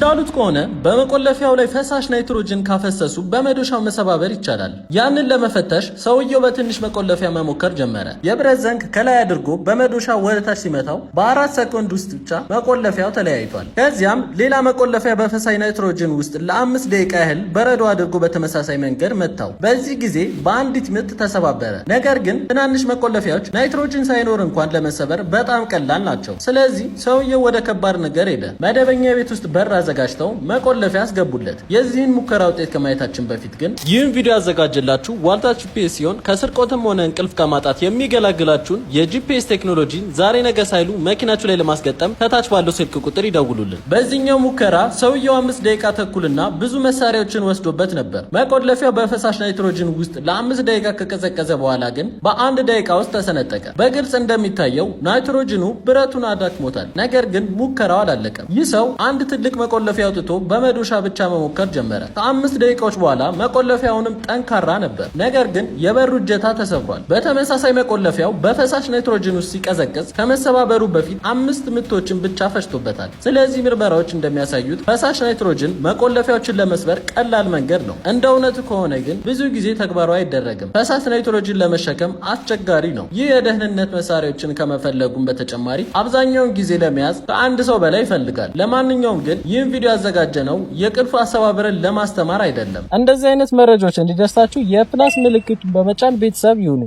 እንዳሉት ከሆነ በመቆለፊያው ላይ ፈሳሽ ናይትሮጅን ካፈሰሱ በመዶሻው መሰባበር ይቻላል። ያንን ለመፈተሽ ሰውየው በትንሽ መቆለፊያ መሞከር ጀመረ። የብረት ዘንግ ከላይ አድርጎ በመዶሻ ወደታች ሲመታው በአራት ሰኮንድ ውስጥ ብቻ መቆለፊያው ተለያይቷል። ከዚያም ሌላ መቆለፊያ በፈሳሽ ናይትሮጅን ውስጥ ለአምስት ደቂቃ ያህል በረዶ አድርጎ በተመሳሳይ መንገድ መታው። በዚህ ጊዜ በአንዲት ምት ተሰባበረ። ነገር ግን ትናንሽ መቆለፊያዎች ናይትሮጅን ሳይኖር እንኳን ለመሰበር በጣም ቀላል ናቸው። ስለዚህ ሰውየው ወደ ከባድ ነገር ሄደ። መደበኛ የቤት ውስጥ በራ አዘጋጅተው መቆለፊያ ያስገቡለት። የዚህን ሙከራ ውጤት ከማየታችን በፊት ግን ይህን ቪዲዮ ያዘጋጀላችሁ ዋልታ ጂፒኤስ ሲሆን ከስርቆትም ሆነ እንቅልፍ ከማጣት የሚገላግላችሁን የጂፒኤስ ቴክኖሎጂን ዛሬ ነገ ሳይሉ መኪናችሁ ላይ ለማስገጠም ከታች ባለው ስልክ ቁጥር ይደውሉልን። በዚህኛው ሙከራ ሰውየው አምስት ደቂቃ ተኩልና ብዙ መሳሪያዎችን ወስዶበት ነበር። መቆለፊያው በፈሳሽ ናይትሮጅን ውስጥ ለአምስት ደቂቃ ከቀዘቀዘ በኋላ ግን በአንድ ደቂቃ ውስጥ ተሰነጠቀ። በግልጽ እንደሚታየው ናይትሮጅኑ ብረቱን አዳክሞታል። ነገር ግን ሙከራው አላለቀም። ይህ ሰው አንድ ትልቅ ከመቆለፊያ አውጥቶ በመዶሻ ብቻ መሞከር ጀመረ። ከአምስት ደቂቃዎች በኋላ መቆለፊያውንም ጠንካራ ነበር፣ ነገር ግን የበሩ እጀታ ተሰብሯል። በተመሳሳይ መቆለፊያው በፈሳሽ ናይትሮጅን ውስጥ ሲቀዘቅዝ ከመሰባበሩ በፊት አምስት ምቶችን ብቻ ፈጅቶበታል። ስለዚህ ምርመራዎች እንደሚያሳዩት ፈሳሽ ናይትሮጅን መቆለፊያዎችን ለመስበር ቀላል መንገድ ነው። እንደ እውነቱ ከሆነ ግን ብዙ ጊዜ ተግባሩ አይደረግም። ፈሳሽ ናይትሮጅን ለመሸከም አስቸጋሪ ነው። ይህ የደህንነት መሳሪያዎችን ከመፈለጉም በተጨማሪ አብዛኛውን ጊዜ ለመያዝ ከአንድ ሰው በላይ ይፈልጋል። ለማንኛውም ግን ይህ ይህን ቪዲዮ ነው። የቅርፍ አሰባብረን ለማስተማር አይደለም። እንደዚህ አይነት መረጃዎች እንዲደርሳችሁ የፕላስ ምልክቱን በመጫን ቤተሰብ ይሁኑ።